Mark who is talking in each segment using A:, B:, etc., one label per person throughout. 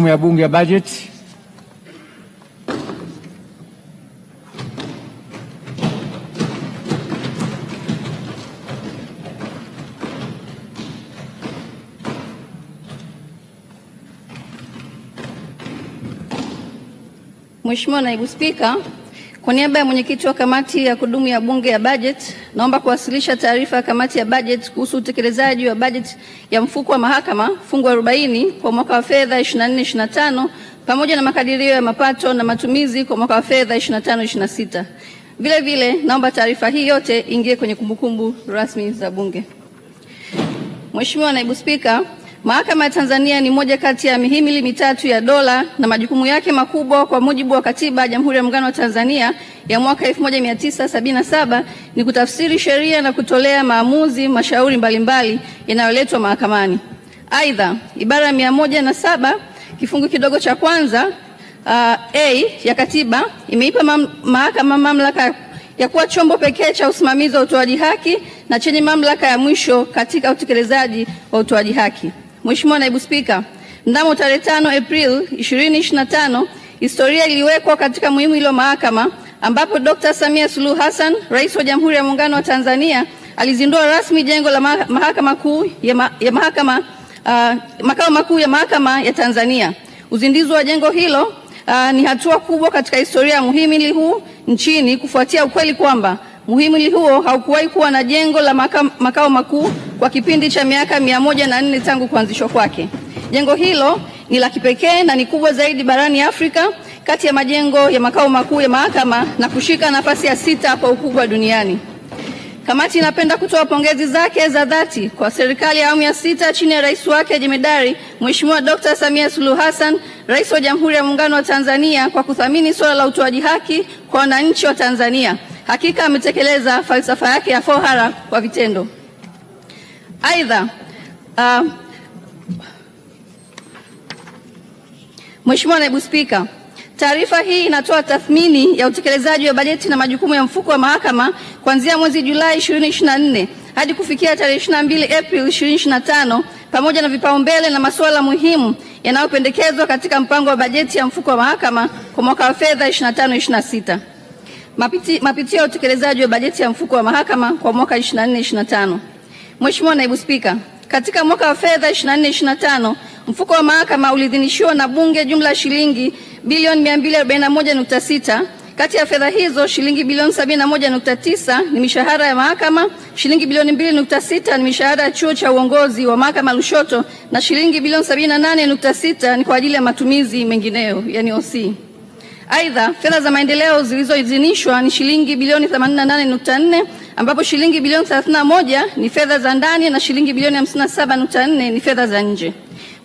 A: majukumu ya bunge ya bajeti.
B: Mheshimiwa Naibu Spika kwa niaba ya mwenyekiti wa kamati ya kudumu ya bunge ya bajeti, naomba kuwasilisha taarifa ya kamati ya bajeti kuhusu utekelezaji wa bajeti ya mfuko wa mahakama fungu 40 kwa mwaka wa fedha 24/25 pamoja na makadirio ya mapato na matumizi kwa mwaka wa fedha 25/26. Vile vile naomba taarifa hii yote ingie kwenye kumbukumbu rasmi za bunge. Mheshimiwa Naibu Spika, Mahakama ya Tanzania ni moja kati ya mihimili mitatu ya dola na majukumu yake makubwa kwa mujibu wa Katiba ya Jamhuri ya Muungano wa Tanzania ya mwaka 1977 ni kutafsiri sheria na kutolea maamuzi mashauri mbalimbali yanayoletwa mahakamani. Aidha, ibara ya mia moja na saba kifungu kidogo cha kwanza uh, a ya katiba imeipa mam, mahakama mamlaka ya kuwa chombo pekee cha usimamizi wa utoaji haki na chenye mamlaka ya mwisho katika utekelezaji wa utoaji haki. Mheshimiwa Naibu Spika, mnamo tarehe 5 april 2025 historia iliwekwa katika muhimu hilo mahakama ambapo Dr. Samia Suluhu Hassan, Rais wa Jamhuri ya Muungano wa Tanzania, alizindua rasmi jengo la mahakama kuu ya, ma, ya mahakama uh, makao makuu ya mahakama ya Tanzania. Uzinduzi wa jengo hilo uh, ni hatua kubwa katika historia ya muhimili huu nchini kufuatia ukweli kwamba Muhimili huo haukuwahi kuwa na jengo la makao makuu kwa kipindi cha miaka mia moja na nne tangu kuanzishwa kwake. Jengo hilo ni la kipekee na ni kubwa zaidi barani Afrika kati ya majengo ya makao makuu ya mahakama na kushika nafasi ya sita kwa ukubwa duniani. Kamati inapenda kutoa pongezi zake za dhati kwa serikali ya awamu ya sita chini ya rais wake jemedari Mheshimiwa Dkt. Samia Suluhu Hassan, rais wa Jamhuri ya Muungano wa Tanzania, kwa kuthamini suala la utoaji haki kwa wananchi wa Tanzania Hakika ametekeleza falsafa yake ya fohara kwa vitendo. Aidha, uh, Mheshimiwa Naibu Spika, taarifa hii inatoa tathmini ya utekelezaji wa bajeti na majukumu ya mfuko wa mahakama kuanzia mwezi Julai 2024 hadi kufikia tarehe 22 Aprili 2025 pamoja na vipaumbele na masuala muhimu yanayopendekezwa katika mpango wa bajeti ya mfuko wa mahakama kwa mwaka wa fedha 25 26. Mapitio mapiti ya utekelezaji wa bajeti ya mfuko wa mahakama kwa mwaka 24/25. Mheshimiwa Naibu Spika, katika mwaka wa fedha 24/25 mfuko wa mahakama uliidhinishiwa na Bunge jumla shilingi bilioni 241.6. Kati ya fedha hizo shilingi bilioni 71.9 ni mishahara ya mahakama, shilingi bilioni 2.6 ni mishahara ya chuo cha uongozi wa mahakama Lushoto na shilingi bilioni 78.6 ni kwa ajili ya matumizi mengineyo, yani OC. Aidha, fedha za maendeleo zilizoidhinishwa ni shilingi bilioni 88.4 ambapo shilingi bilioni 31 ni fedha za ndani na shilingi bilioni 57.4 ni fedha za nje.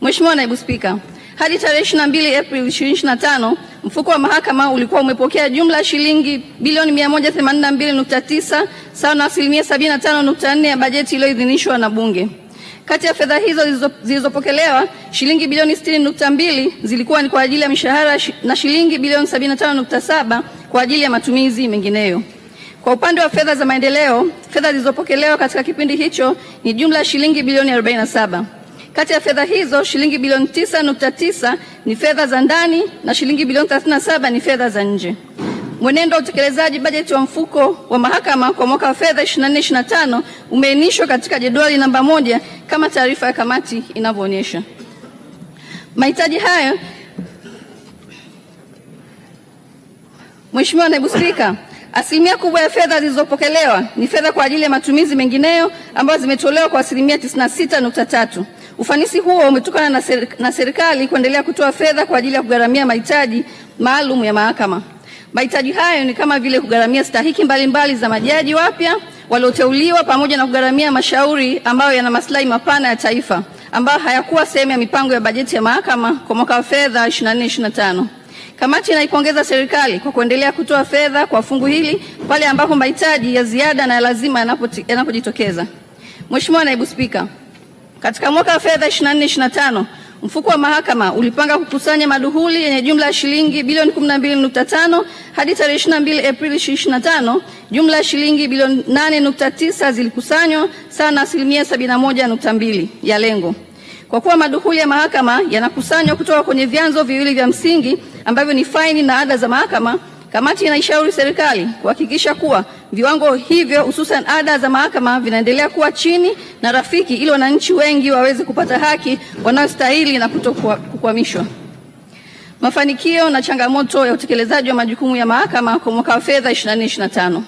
B: Mheshimiwa Naibu Spika, hadi tarehe 22 Aprili 2025 mfuko wa mahakama ulikuwa umepokea jumla ya shilingi bilioni 182.9 sawa na asilimia 75.4 ya bajeti iliyoidhinishwa na Bunge. Kati ya fedha hizo zilizopokelewa, shilingi bilioni 60.2 zilikuwa ni kwa ajili ya mishahara na shilingi bilioni 75.7 kwa ajili ya matumizi mengineyo. Kwa upande wa fedha za maendeleo, fedha zilizopokelewa katika kipindi hicho ni jumla ya shilingi bilioni 47. Kati ya fedha hizo shilingi bilioni 9.9 ni fedha za ndani na shilingi bilioni 37 ni fedha za nje. Mwenendo wa utekelezaji bajeti wa mfuko wa mahakama kwa mwaka wa fedha 2425 25 umeainishwa katika jedwali namba moja kama taarifa ya kamati inavyoonyesha. Mahitaji hayo, Mheshimiwa Naibu Spika, asilimia kubwa ya fedha zilizopokelewa ni fedha kwa ajili ya matumizi mengineyo ambazo zimetolewa kwa asilimia 96.3. Ufanisi huo umetokana na serikali kuendelea kutoa fedha kwa ajili ya kugharamia mahitaji maalum ya mahakama. Mahitaji hayo ni kama vile kugharamia stahiki mbalimbali za majaji wapya walioteuliwa pamoja na kugharamia mashauri ambayo yana maslahi mapana ya taifa ambayo hayakuwa sehemu ya mipango ya bajeti ya mahakama kwa mwaka wa fedha 24 Kamati inaipongeza serikali kwa kuendelea kutoa fedha kwa fungu hili pale ambapo mahitaji ya ziada na ya lazima yanapojitokeza. Mheshimiwa Naibu Spika, katika mwaka wa fedha 24/25 Mfuko wa Mahakama ulipanga kukusanya maduhuli yenye jumla ya shilingi bilioni 12.5 hadi tarehe 22 Aprili 2025, jumla ya shilingi bilioni 8.9 zilikusanywa sawa na asilimia 71.2 ya lengo. Kwa kuwa maduhuli ya mahakama yanakusanywa kutoka kwenye vyanzo viwili vya msingi ambavyo ni faini na ada za mahakama Kamati inaishauri serikali kuhakikisha kuwa viwango hivyo hususan ada za mahakama vinaendelea kuwa chini na rafiki ili wananchi wengi waweze kupata haki wanayostahili na kutokukwamishwa. Mafanikio na changamoto ya utekelezaji wa majukumu ya mahakama kwa mwaka wa fedha 24/25.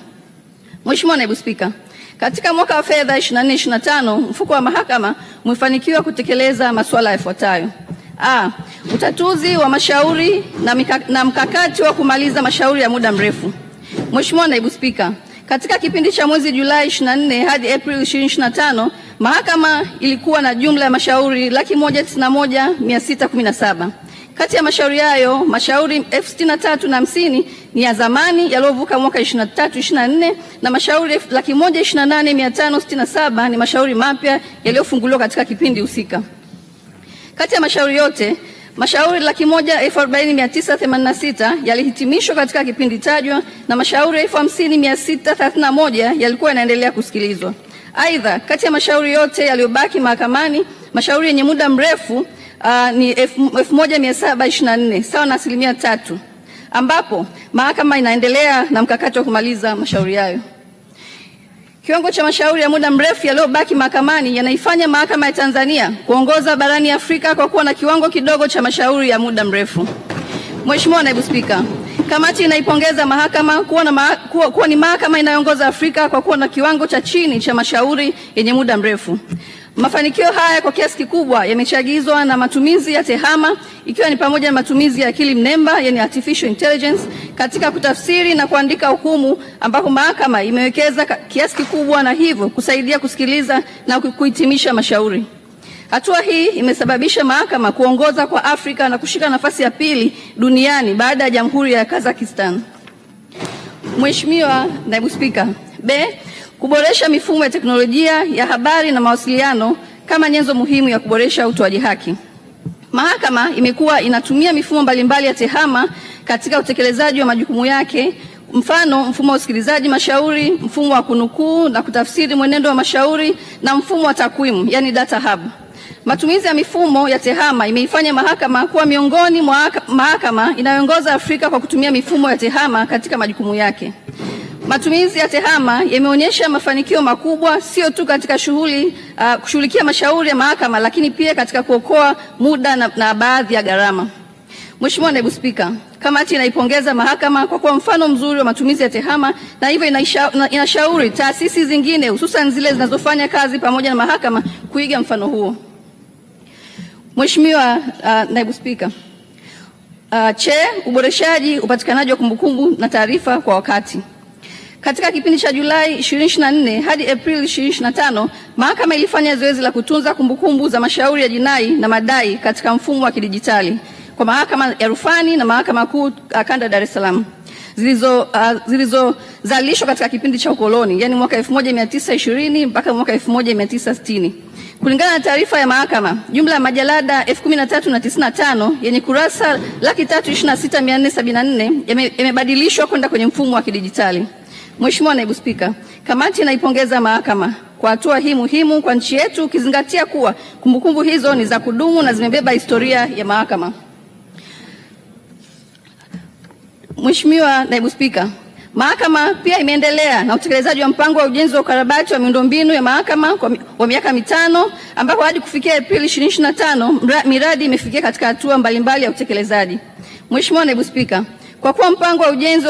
B: Mheshimiwa Naibu Spika, katika mwaka wa fedha 24 mfuko wa mahakama umefanikiwa kutekeleza masuala yafuatayo: A, utatuzi wa mashauri na, mika, na mkakati wa kumaliza mashauri ya muda mrefu. Mheshimiwa Naibu Spika, katika kipindi cha mwezi Julai 24 hadi april 25 mahakama ilikuwa na jumla ya mashauri laki moja tisini na moja mia sita kumi na saba. Kati ya mashauri hayo mashauri elfu sitini na tatu na hamsini ni ya zamani yaliyovuka mwaka 23 24 na mashauri laki moja ishirini na nane mia tano sitini na saba ni mashauri mapya yaliyofunguliwa katika kipindi husika. Kati ya mashauri yote Mashauri laki moja elfu arobaini mia tisa themanini na sita yalihitimishwa katika kipindi tajwa na mashauri elfu hamsini mia sita thelathini na moja yalikuwa yanaendelea kusikilizwa. Aidha, kati ya mashauri yote yaliyobaki mahakamani mashauri yenye muda mrefu uh, ni 1724 sawa na asilimia tatu, ambapo mahakama inaendelea na mkakati wa kumaliza mashauri hayo. Kiwango cha mashauri ya muda mrefu yaliyobaki mahakamani yanaifanya mahakama ya Tanzania kuongoza barani Afrika kwa kuwa na kiwango kidogo cha mashauri ya muda mrefu. Mheshimiwa Naibu Spika, kamati inaipongeza mahakama kuwa, na maha, kuwa, kuwa ni mahakama inayoongoza Afrika kwa kuwa na kiwango cha chini cha mashauri yenye muda mrefu. Mafanikio haya kwa kiasi kikubwa yamechagizwa na matumizi ya TEHAMA ikiwa ni pamoja na matumizi ya akili mnemba yani artificial intelligence katika kutafsiri na kuandika hukumu ambapo mahakama imewekeza kiasi kikubwa na hivyo kusaidia kusikiliza na kuhitimisha mashauri. Hatua hii imesababisha mahakama kuongoza kwa Afrika na kushika nafasi ya pili duniani baada ya Jamhuri ya Kazakhstan. Mheshimiwa Naibu Spika, B kuboresha mifumo ya teknolojia ya habari na mawasiliano kama nyenzo muhimu ya kuboresha utoaji haki. Mahakama imekuwa inatumia mifumo mbalimbali ya tehama katika utekelezaji wa majukumu yake, mfano mfumo wa usikilizaji mashauri, mfumo wa kunukuu na kutafsiri mwenendo wa mashauri na mfumo wa takwimu, yani data hub. Matumizi ya mifumo ya tehama imeifanya mahakama kuwa miongoni mwa mahakama inayoongoza Afrika kwa kutumia mifumo ya tehama katika majukumu yake. Matumizi ya TEHAMA yameonyesha mafanikio makubwa sio tu katika shughuli uh, kushughulikia mashauri ya mahakama lakini pia katika kuokoa muda na, na baadhi ya gharama. Mheshimiwa Naibu Spika, kamati inaipongeza mahakama kwa kuwa mfano mzuri wa matumizi ya TEHAMA na hivyo inashauri taasisi zingine hususan zile zinazofanya kazi pamoja na mahakama kuiga mfano huo. Mheshimiwa uh, Naibu Spika, uh, che uboreshaji upatikanaji wa kumbukumbu na taarifa kwa wakati. Katika kipindi cha Julai 2024 hadi Aprili 2025, mahakama ilifanya zoezi la kutunza kumbukumbu za mashauri ya jinai na madai katika mfumo wa kidijitali kwa mahakama ya rufani na mahakama kuu uh, kanda Dar es Salaam uh, zilizozalishwa uh, zilizo katika kipindi cha ukoloni, yani mwaka 1920 mpaka mwaka 1960. Kulingana na taarifa ya mahakama, jumla ya majalada 13095 yenye kurasa 326,474 yamebadilishwa kwenda kwenye mfumo wa kidijitali. Mheshimiwa Naibu Spika, kamati inaipongeza mahakama kwa hatua hii muhimu kwa nchi yetu ukizingatia kuwa kumbukumbu hizo ni za kudumu na zimebeba historia ya mahakama. Mheshimiwa Naibu Spika, mahakama pia imeendelea na utekelezaji wa mpango wa ujenzi wa ukarabati wa miundombinu ya mahakama wa miaka mitano ambapo hadi kufikia Aprili 2025 miradi imefikia katika hatua mbalimbali ya utekelezaji. Mheshimiwa Naibu Spika, kwa kuwa mpango wa ujenzi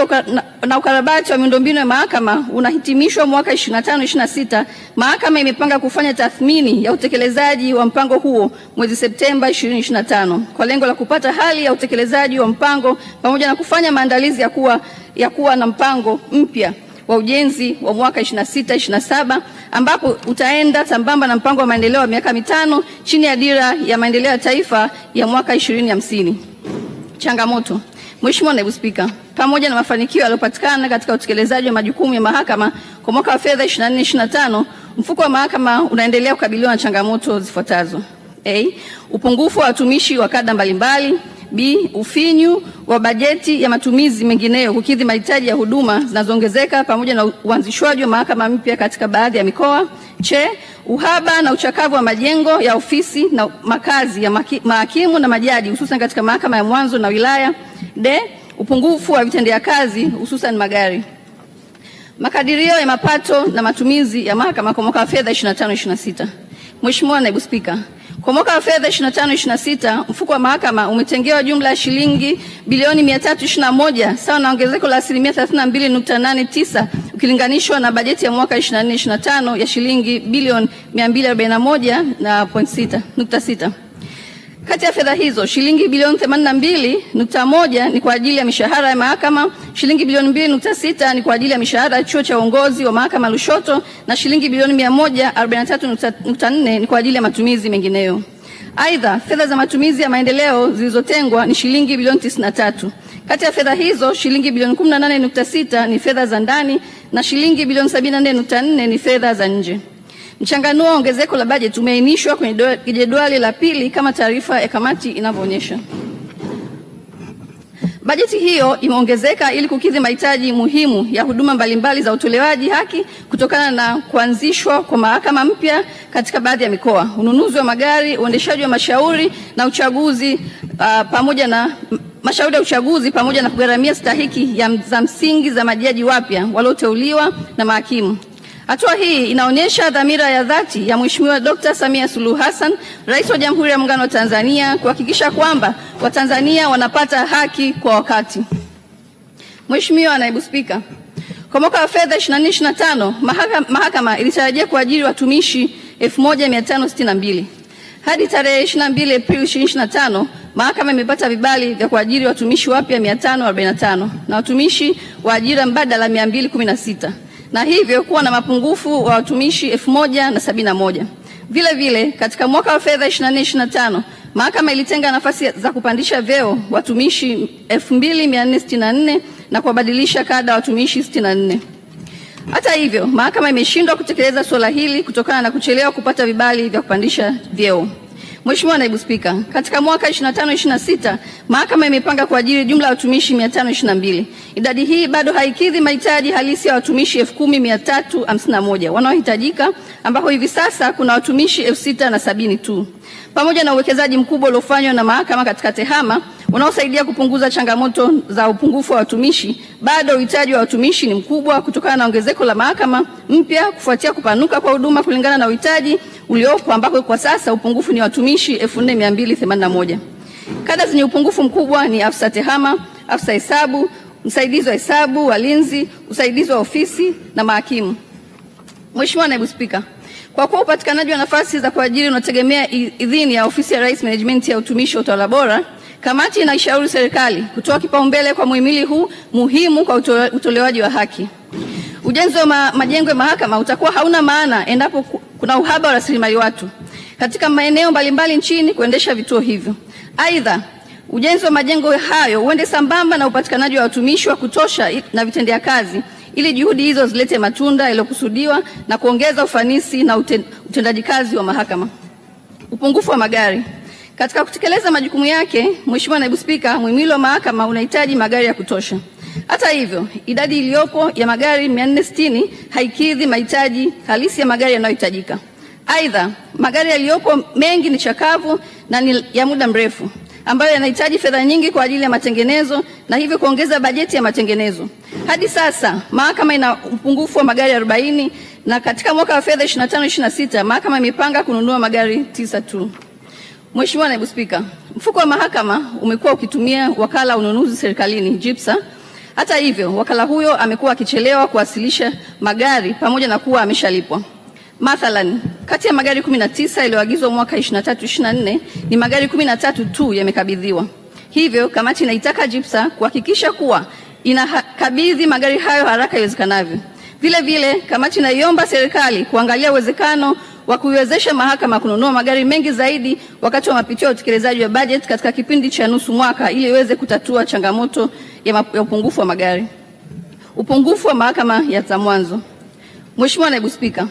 B: na ukarabati wa miundombinu ya mahakama unahitimishwa mwaka 25 26, mahakama imepanga kufanya tathmini ya utekelezaji wa mpango huo mwezi Septemba 2025 kwa lengo la kupata hali ya utekelezaji wa mpango pamoja na kufanya maandalizi ya kuwa, ya kuwa na mpango mpya wa ujenzi wa mwaka 26 27 ambapo utaenda sambamba na mpango wa maendeleo wa miaka mitano chini ya dira ya maendeleo ya taifa ya mwaka 2050. Changamoto Mheshimiwa Naibu Spika, pamoja na mafanikio yaliyopatikana katika utekelezaji wa majukumu ya mahakama kwa mwaka wa fedha 24/25, mfuko wa mahakama unaendelea kukabiliwa na changamoto zifuatazo: A, upungufu wa watumishi wa kada mbalimbali; B, ufinyu wa bajeti ya matumizi mengineyo kukidhi mahitaji ya huduma zinazoongezeka pamoja na uanzishwaji wa mahakama mpya katika baadhi ya mikoa; C, uhaba na uchakavu wa majengo ya ofisi na makazi ya mahakimu na majaji hususan katika mahakama ya mwanzo na wilaya. D, upungufu wa vitendea kazi hususan magari. Makadirio ya mapato na matumizi ya mahakama kwa mwaka wa fedha 25 26. Mheshimiwa Naibu Spika, kwa mwaka wa fedha 25 26 mfuko wa mahakama umetengewa jumla ya shilingi bilioni 321 sawa na ongezeko la asilimia 32.89 ukilinganishwa na bajeti ya mwaka 2425 ya shilingi bilioni 241.6. Kati ya fedha hizo shilingi bilioni 82.1 ni kwa ajili ya mishahara ya mahakama, shilingi bilioni 2.6 ni kwa ajili ya mishahara ya chuo cha uongozi wa mahakama Lushoto na shilingi bilioni 143.4 ni kwa ajili ya matumizi mengineyo. Aidha, fedha za matumizi ya maendeleo zilizotengwa ni shilingi bilioni 93. Kati ya fedha hizo shilingi bilioni 18.6 ni fedha za ndani na shilingi bilioni 74.4 ni fedha za nje. Mchanganuo wa ongezeko la bajeti umeainishwa kwenye jedwali la pili kama taarifa ya kamati inavyoonyesha. Bajeti hiyo imeongezeka ili kukidhi mahitaji muhimu ya huduma mbalimbali za utolewaji haki kutokana na kuanzishwa kwa mahakama mpya katika baadhi ya mikoa, ununuzi wa magari, uendeshaji wa mashauri na uchaguzi uh, pamoja na mashauri ya uchaguzi pamoja na kugharamia stahiki za msingi za majaji wapya walioteuliwa na mahakimu. Hatua hii inaonyesha dhamira ya dhati ya Mheshimiwa Dkt. Samia Suluhu Hassan, Rais wa Jamhuri ya Muungano wa Tanzania, kuhakikisha kwamba Watanzania wanapata haki kwa wakati. Mheshimiwa Naibu Spika, kwa mwaka wa fedha 2024/2025 mahakama, mahakama ilitarajia kuajiri watumishi 1562. Hadi tarehe 22 Aprili 2025 mahakama imepata vibali vya kuajiri watumishi wapya 545 na watumishi wa ajira mbadala 216 na hivyo kuwa na mapungufu wa watumishi elfu moja Vile vile katika mwaka wa fedha 2024 mahakama ilitenga nafasi za kupandisha vyeo watumishi 2464 na kuwabadilisha kada watumishi 64. Hata hivyo, mahakama imeshindwa kutekeleza suala hili kutokana na kuchelewa kupata vibali vya kupandisha vyeo. Mheshimiwa Naibu Spika, katika mwaka 25 26 mahakama imepanga kuajiri jumla ya watumishi 522. Idadi hii bado haikidhi mahitaji halisi ya watumishi 10351 wanaohitajika, ambapo hivi sasa kuna watumishi 6070 tu. Pamoja na uwekezaji mkubwa uliofanywa na mahakama katika tehama unaosaidia kupunguza changamoto za upungufu wa watumishi. Bado uhitaji wa watumishi ni mkubwa kutokana na ongezeko la mahakama mpya kufuatia kupanuka kwa huduma kulingana na uhitaji uliopo, ambako kwa sasa upungufu ni watumishi 4281. Kada zenye upungufu mkubwa ni afisa tehama, afisa hesabu, msaidizi wa hesabu, walinzi, usaidizi wa ofisi na mahakimu. Mheshimiwa Naibu Spika, kwa kuwa upatikanaji wa nafasi za kuajiri unategemea idhini ya Ofisi ya Rais, Management ya Utumishi wa Utawala Bora Kamati inaishauri serikali kutoa kipaumbele kwa muhimili huu muhimu kwa utolewaji wa haki. Ujenzi wa ma, majengo ya mahakama utakuwa hauna maana endapo kuna uhaba wa rasilimali watu katika maeneo mbalimbali nchini kuendesha vituo hivyo. Aidha, ujenzi wa majengo hayo uende sambamba na upatikanaji wa watumishi wa kutosha na vitendea kazi ili juhudi hizo zilete matunda yaliyokusudiwa na kuongeza ufanisi na utendaji kazi wa mahakama. Upungufu wa magari katika kutekeleza majukumu yake, Mheshimiwa Naibu Spika, muhimili wa mahakama unahitaji magari ya kutosha. Hata hivyo, idadi iliyopo ya magari 460 haikidhi mahitaji halisi ya magari yanayohitajika. Aidha, magari yaliyopo mengi ni chakavu na ni ya muda mrefu ambayo yanahitaji fedha nyingi kwa ajili ya matengenezo na hivyo kuongeza bajeti ya matengenezo. Hadi sasa mahakama ina upungufu wa magari 40 na katika mwaka wa fedha 25 26 mahakama imepanga kununua magari tisa tu. Mheshimiwa Naibu Spika, mfuko wa mahakama umekuwa ukitumia wakala ununuzi serikalini JIPSA. Hata hivyo, wakala huyo amekuwa akichelewa kuwasilisha magari pamoja na kuwa ameshalipwa. Mathalan, kati ya magari 19 yaliyoagizwa mwaka 23 24 ni magari 13 tu yamekabidhiwa. Hivyo kamati inaitaka JIPSA kuhakikisha kuwa inakabidhi magari hayo haraka iwezekanavyo. Vile vile kamati inaiomba serikali kuangalia uwezekano wa kuiwezesha mahakama kununua magari mengi zaidi wakati wa mapitio ya utekelezaji wa bajeti katika kipindi cha nusu mwaka ili iweze kutatua changamoto ya, ya upungufu wa magari. Upungufu wa mahakama ya za mwanzo. Mheshimiwa Naibu Spika,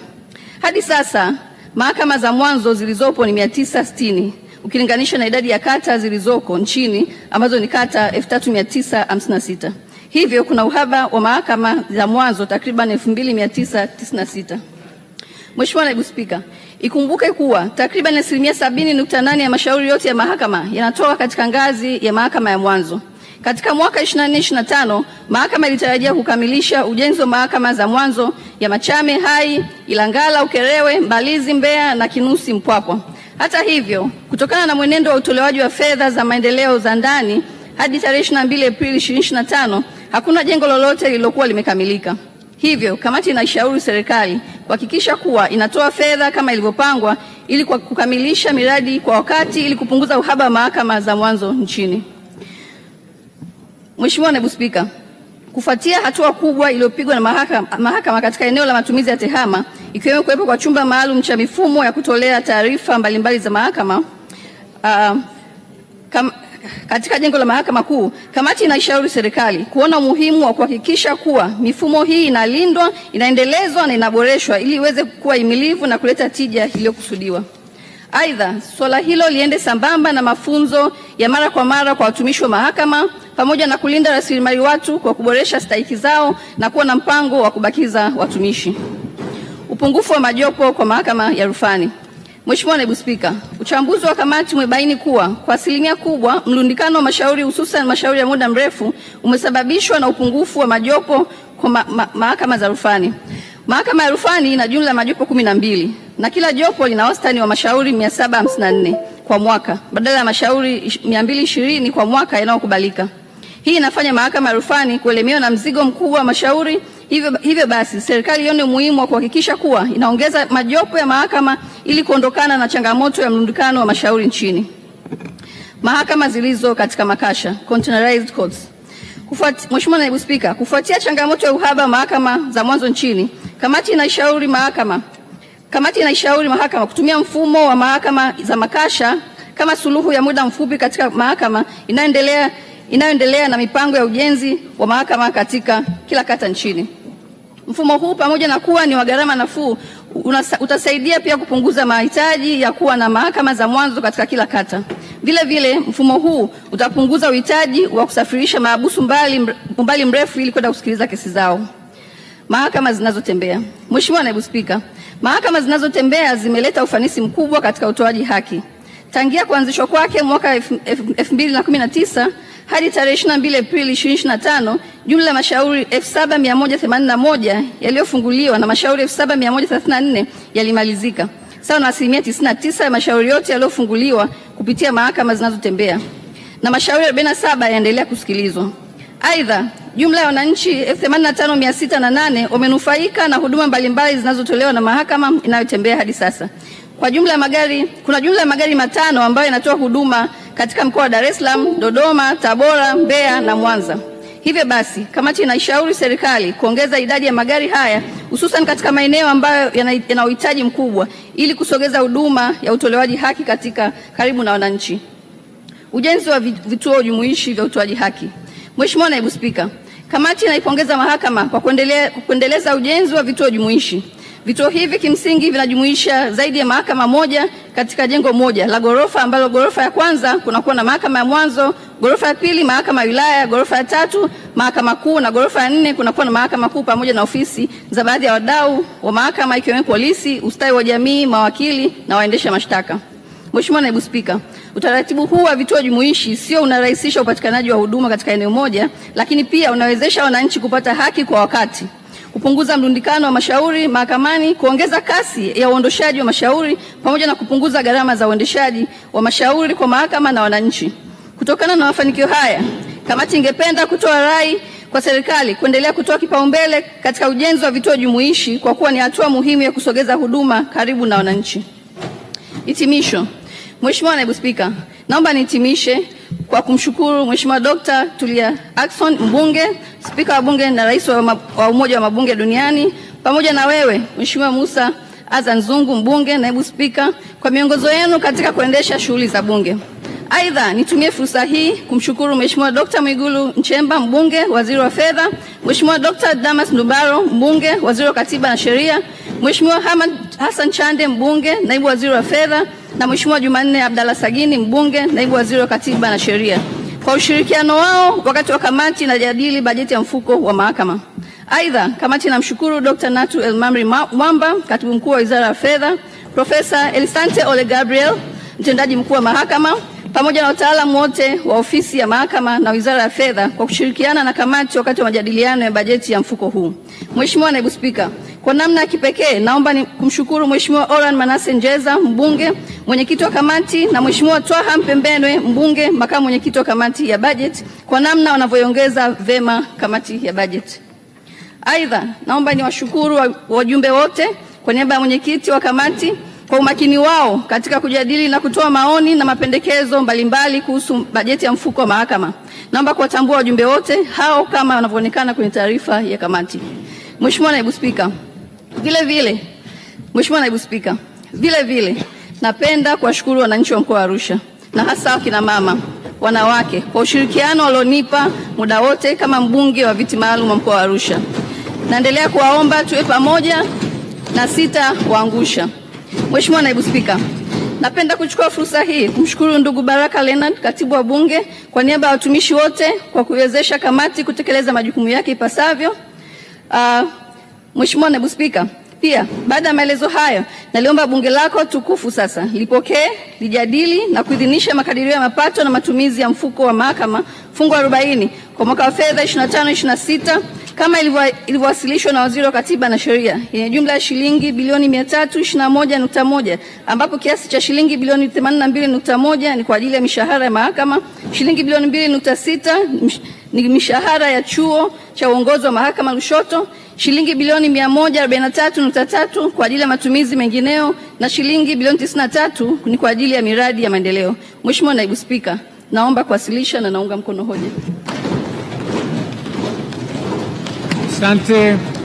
B: hadi sasa mahakama za mwanzo zilizopo ni 960 ukilinganisha na idadi ya kata zilizoko nchini ambazo ni kata 3956. Hivyo kuna uhaba wa mahakama za mwanzo takriban 2996. Mheshimiwa Naibu Spika, ikumbuke kuwa takriban asilimia sabini nukta nane ya mashauri yote ya mahakama yanatoka katika ngazi ya mahakama ya mwanzo. Katika mwaka 2025 mahakama ilitarajia kukamilisha ujenzi wa mahakama za mwanzo ya Machame, Hai, Ilangala, Ukerewe, Mbalizi, Mbeya na Kinusi, Mpwapwa. Hata hivyo, kutokana na mwenendo wa utolewaji wa fedha za maendeleo za ndani hadi tarehe 22 Aprili 2025 hakuna jengo lolote lililokuwa limekamilika. Hivyo kamati inaishauri serikali kuhakikisha kuwa inatoa fedha kama ilivyopangwa ili kwa kukamilisha miradi kwa wakati ili kupunguza uhaba wa mahakama za mwanzo nchini. Mheshimiwa Naibu Spika, kufuatia hatua kubwa iliyopigwa na mahakama, mahakama katika eneo la matumizi ya TEHAMA ikiwemo kuwepo kwa chumba maalum cha mifumo ya kutolea taarifa mbalimbali za mahakama uh, kam, katika jengo la Mahakama Kuu, kamati inaishauri serikali kuona umuhimu wa kuhakikisha kuwa mifumo hii inalindwa, inaendelezwa na inaboreshwa ili iweze kuwa imilivu na kuleta tija iliyokusudiwa. Aidha, swala hilo liende sambamba na mafunzo ya mara kwa mara kwa watumishi wa mahakama pamoja na kulinda rasilimali watu kwa kuboresha stahiki zao na kuwa na mpango wa kubakiza watumishi. Upungufu wa majopo kwa mahakama ya rufani. Mheshimiwa Naibu Spika, uchambuzi wa kamati umebaini kuwa kwa asilimia kubwa mlundikano wa mashauri hususan mashauri ya muda mrefu umesababishwa na upungufu wa majopo kwa ma ma mahakama za rufani. Mahakama ya rufani ina jumla ya majopo kumi na mbili na kila jopo lina wastani wa mashauri 754 kwa mwaka badala ya mashauri 220 kwa mwaka yanayokubalika. Hii inafanya mahakama ya rufani kuelemewa na mzigo mkubwa wa mashauri Hivyo, hivyo basi serikali ione umuhimu wa kuhakikisha kuwa inaongeza majopo ya mahakama ili kuondokana na changamoto ya mlundikano wa mashauri nchini. Mahakama zilizo katika makasha containerized courts. Mheshimiwa Naibu Spika, kufuatia changamoto ya uhaba wa mahakama za mwanzo nchini, kamati inaishauri mahakama kamati inaishauri mahakama kutumia mfumo wa mahakama za makasha kama suluhu ya muda mfupi katika mahakama inaendelea inayoendelea na mipango ya ujenzi wa mahakama katika kila kata nchini. Mfumo huu pamoja na kuwa ni wa gharama nafuu, utasaidia pia kupunguza mahitaji ya kuwa na mahakama za mwanzo katika kila kata. Vile vile mfumo huu utapunguza uhitaji wa kusafirisha mahabusu mbali, mbali mrefu ili kwenda kusikiliza kesi zao. Mahakama zinazotembea. Mheshimiwa Naibu Spika, mahakama zinazotembea zimeleta ufanisi mkubwa katika utoaji haki. Tangia kuanzishwa kwake mwaka 2019 hadi tarehe 22 Aprili 2025, jumla ya mashauri 7181 yaliyofunguliwa na mashauri 7134 yalimalizika, sawa na asilimia 99 ya mashauri yote yaliyofunguliwa kupitia mahakama zinazotembea na mashauri 47 yanaendelea kusikilizwa. Aidha, jumla ya wananchi 85608 wamenufaika na huduma mbalimbali zinazotolewa na mahakama inayotembea hadi sasa. Kwa jumla ya magari, kuna jumla ya magari matano ambayo yanatoa huduma katika mkoa wa Dar es Salaam, Dodoma, Tabora, Mbeya na Mwanza. Hivyo basi, kamati inaishauri serikali kuongeza idadi ya magari haya hususan katika maeneo ambayo yana uhitaji mkubwa ili kusogeza huduma ya utolewaji haki katika karibu na wananchi. Ujenzi wa vituo jumuishi vya utoaji haki. Mheshimiwa Naibu Spika, kamati inaipongeza mahakama kwa kuendelea, kuendeleza ujenzi wa vituo jumuishi. Vituo hivi kimsingi vinajumuisha zaidi ya mahakama moja katika jengo moja la ghorofa, ambalo ghorofa ya kwanza kunakuwa na mahakama ya mwanzo, ghorofa ya pili mahakama ya wilaya, ghorofa ya tatu mahakama kuu, na ghorofa ya nne kunakuwa na mahakama kuu pamoja na ofisi za baadhi ya wadau wa mahakama ikiwemo polisi, ustawi wa jamii, mawakili na waendesha mashtaka. Mheshimiwa Naibu Spika, utaratibu huu wa vituo jumuishi sio unarahisisha upatikanaji wa huduma katika eneo moja, lakini pia unawezesha wananchi kupata haki kwa wakati kupunguza mrundikano wa mashauri mahakamani, kuongeza kasi ya uondoshaji wa mashauri pamoja na kupunguza gharama za uendeshaji wa mashauri kwa mahakama na wananchi. Kutokana na mafanikio haya, kamati ingependa kutoa rai kwa serikali kuendelea kutoa kipaumbele katika ujenzi wa vituo jumuishi kwa kuwa ni hatua muhimu ya kusogeza huduma karibu na wananchi. Hitimisho. Mheshimiwa Naibu Spika, naomba nihitimishe kwa kumshukuru Mheshimiwa Dr. Tulia Ackson mbunge, spika wa bunge na rais wa, umoja wa mabunge duniani pamoja na wewe Mheshimiwa Musa Azan Zungu mbunge, naibu spika, kwa miongozo yenu katika kuendesha shughuli za bunge. Aidha, nitumie fursa hii kumshukuru Mheshimiwa Dr. Mwigulu Nchemba mbunge, waziri wa fedha, Mheshimiwa Dr. Damas Ndumbaro mbunge, waziri wa katiba na sheria, Mheshimiwa Hamad Hassan Chande mbunge, naibu waziri wa fedha na Mheshimiwa Jumanne Abdalla Sagini, mbunge, naibu waziri wa katiba na sheria, kwa ushirikiano wao wakati wa kamati inajadili bajeti ya mfuko wa mahakama. Aidha, kamati inamshukuru Dr. Natu Elmamri Mwamba, katibu mkuu wa wizara ya fedha, Profesa Elisante Ole Gabriel, mtendaji mkuu wa mahakama pamoja na wataalamu wote wa ofisi ya mahakama na wizara ya fedha kwa kushirikiana na kamati wakati wa majadiliano ya bajeti ya mfuko huu. Mheshimiwa naibu Spika, kwa namna ya kipekee naomba ni kumshukuru Mheshimiwa Oran Manase Njeza, mbunge mwenyekiti wa kamati, na Mheshimiwa Twaha Mpembenwe, mbunge makamu mwenyekiti wa kamati ya bajeti kwa namna wanavyoongeza vema kamati ya bajeti. Aidha, naomba niwashukuru wajumbe wote kwa niaba ya mwenyekiti wa kamati kwa umakini wao katika kujadili na kutoa maoni na mapendekezo mbalimbali kuhusu bajeti ya mfuko wa mahakama. Naomba kuwatambua wajumbe wote hao kama wanavyoonekana kwenye taarifa ya kamati. Mheshimiwa Naibu Spika, vile vile Mheshimiwa Naibu Spika, vile vile napenda kuwashukuru wananchi wa mkoa wa Arusha na hasa wakina mama wanawake kwa ushirikiano walionipa muda wote kama mbunge wa viti maalum wa mkoa wa Arusha. Naendelea kuwaomba tuwe pamoja na sita sitawaangusha. Mheshimiwa Naibu Spika, napenda kuchukua fursa hii kumshukuru ndugu Baraka Leonard, katibu wa Bunge, kwa niaba ya watumishi wote kwa kuiwezesha kamati kutekeleza majukumu yake ipasavyo. Uh, Mheshimiwa Naibu Spika, pia baada ya maelezo hayo, naliomba bunge lako tukufu sasa lipokee, lijadili na kuidhinisha makadirio ya mapato na matumizi ya mfuko wa mahakama fungu 40 kwa mwaka wa fedha 25 26 kama ilivyowasilishwa na Waziri wa Katiba na Sheria yenye jumla ya shilingi bilioni 321.1 ambapo kiasi cha shilingi bilioni 82.1 ni kwa ajili ya mishahara ya mahakama, shilingi bilioni 2.6 ni mishahara ya chuo cha uongozi wa mahakama Lushoto shilingi bilioni 143.3 kwa ajili ya matumizi mengineo na shilingi bilioni 93 ni kwa ajili ya miradi ya maendeleo. Mheshimiwa Naibu Spika, naomba kuwasilisha na naunga mkono hoja. Asante.